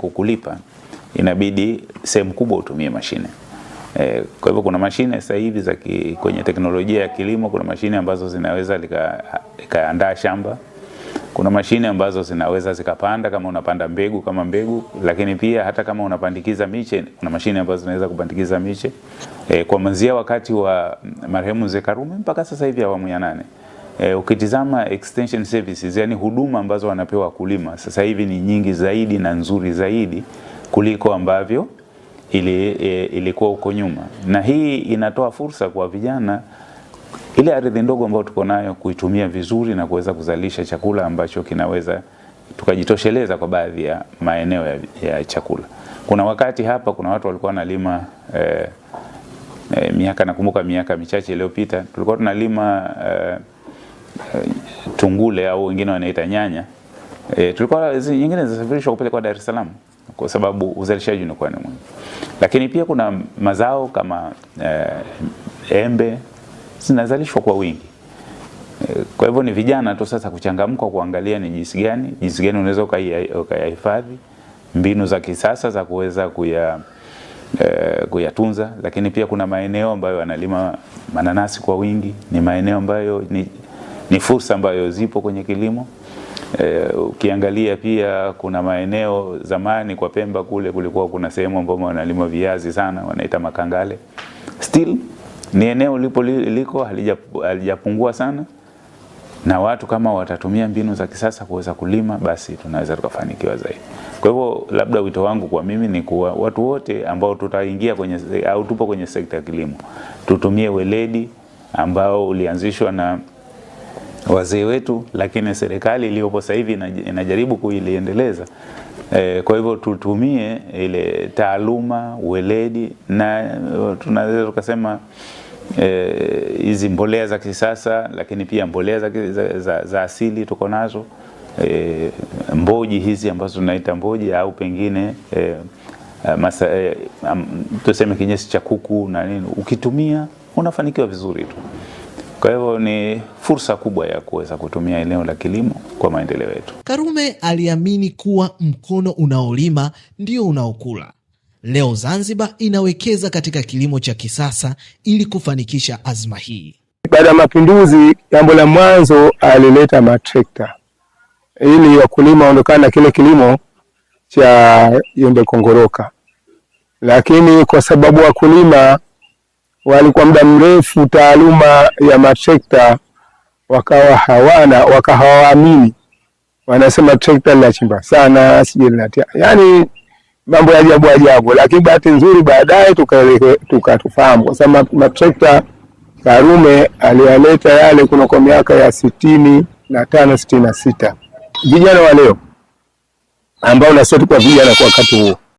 kukulipa, inabidi sehemu kubwa utumie mashine. E, kwa hivyo kuna mashine sasa hivi za kwenye teknolojia ya kilimo, kuna mashine ambazo zinaweza likaandaa lika shamba, kuna mashine ambazo zinaweza zikapanda kama unapanda mbegu kama mbegu, lakini pia hata kama unapandikiza miche, kuna mashine ambazo zinaweza kupandikiza miche e, kuanzia wakati wa marehemu Zekarume mpaka sasa hivi awamu ya nane. E, ukitizama extension services, yani huduma ambazo wanapewa wakulima sasa hivi ni nyingi zaidi na nzuri zaidi kuliko ambavyo ili, e, ilikuwa huko nyuma, na hii inatoa fursa kwa vijana ile ardhi ndogo ambayo tuko nayo kuitumia vizuri na kuweza kuzalisha chakula ambacho kinaweza tukajitosheleza kwa baadhi ya maeneo ya, ya chakula. Kuna wakati hapa kuna watu walikuwa wanalima e, e, miaka nakumbuka miaka michache iliyopita tulikuwa tunalima e, tungule au wengine wanaita nyanya e, tulikuwa nyingine zinasafirishwa kupelekwa Dar es Salaam kwa sababu uzalishaji unakuwa ni mwingi, lakini pia kuna mazao kama e, embe zinazalishwa kwa wingi. E, kwa hivyo ni vijana tu sasa kuchangamka kuangalia ni jinsi gani jinsi gani unaweza ukayahifadhi, mbinu za kisasa za kuweza kuya E, kuyatunza, lakini pia kuna maeneo ambayo wanalima mananasi kwa wingi, ni maeneo ambayo ni ni fursa ambayo zipo kwenye kilimo. E, ukiangalia pia kuna maeneo zamani kwa Pemba kule kulikuwa kuna sehemu ambapo wanalima viazi sana, wanaita makangale. Still ni eneo lipo liko halijapungua sana, na watu kama watatumia mbinu za kisasa kuweza kulima, basi tunaweza tukafanikiwa zaidi. Kwa hivyo labda wito wangu kwa mimi ni kuwa watu wote ambao tutaingia kwenye au tupo kwenye sekta ya kilimo tutumie weledi ambao ulianzishwa na wazee wetu, lakini serikali iliyopo sasa hivi inajaribu kuiliendeleza. E, kwa hivyo tutumie ile taaluma, weledi na eh, tunaweza tukasema eh, hizi e, mbolea za kisasa, lakini pia mbolea za, za, za, za asili tuko nazo e, mboji hizi ambazo tunaita mboji au pengine e, masa, e, tuseme kinyesi cha kuku na nini, ukitumia unafanikiwa vizuri tu. Kwa hivyo ni fursa kubwa ya kuweza kutumia eneo la kilimo kwa maendeleo yetu. Karume aliamini kuwa mkono unaolima ndio unaokula. Leo Zanzibar inawekeza katika kilimo cha kisasa ili kufanikisha azma hii. Baada ya mapinduzi, jambo la mwanzo alileta matrekta ili wakulima waondokana na kile kilimo cha jembe kongoroka, lakini kwa sababu wakulima wali kwa muda mrefu taaluma ya matrekta wakawa hawana wakahawaamini, wanasema trekta linachimba sana, sijui linatia, yani mambo ya ajabu ajabu. Lakini bahati nzuri baadaye tukatufahamu kwa sababu matrekta Karume aliyaleta yale kuna kwa miaka ya sitini na tano sitini na sita vijana wa leo ambao na kwa vijana kwa wakati huo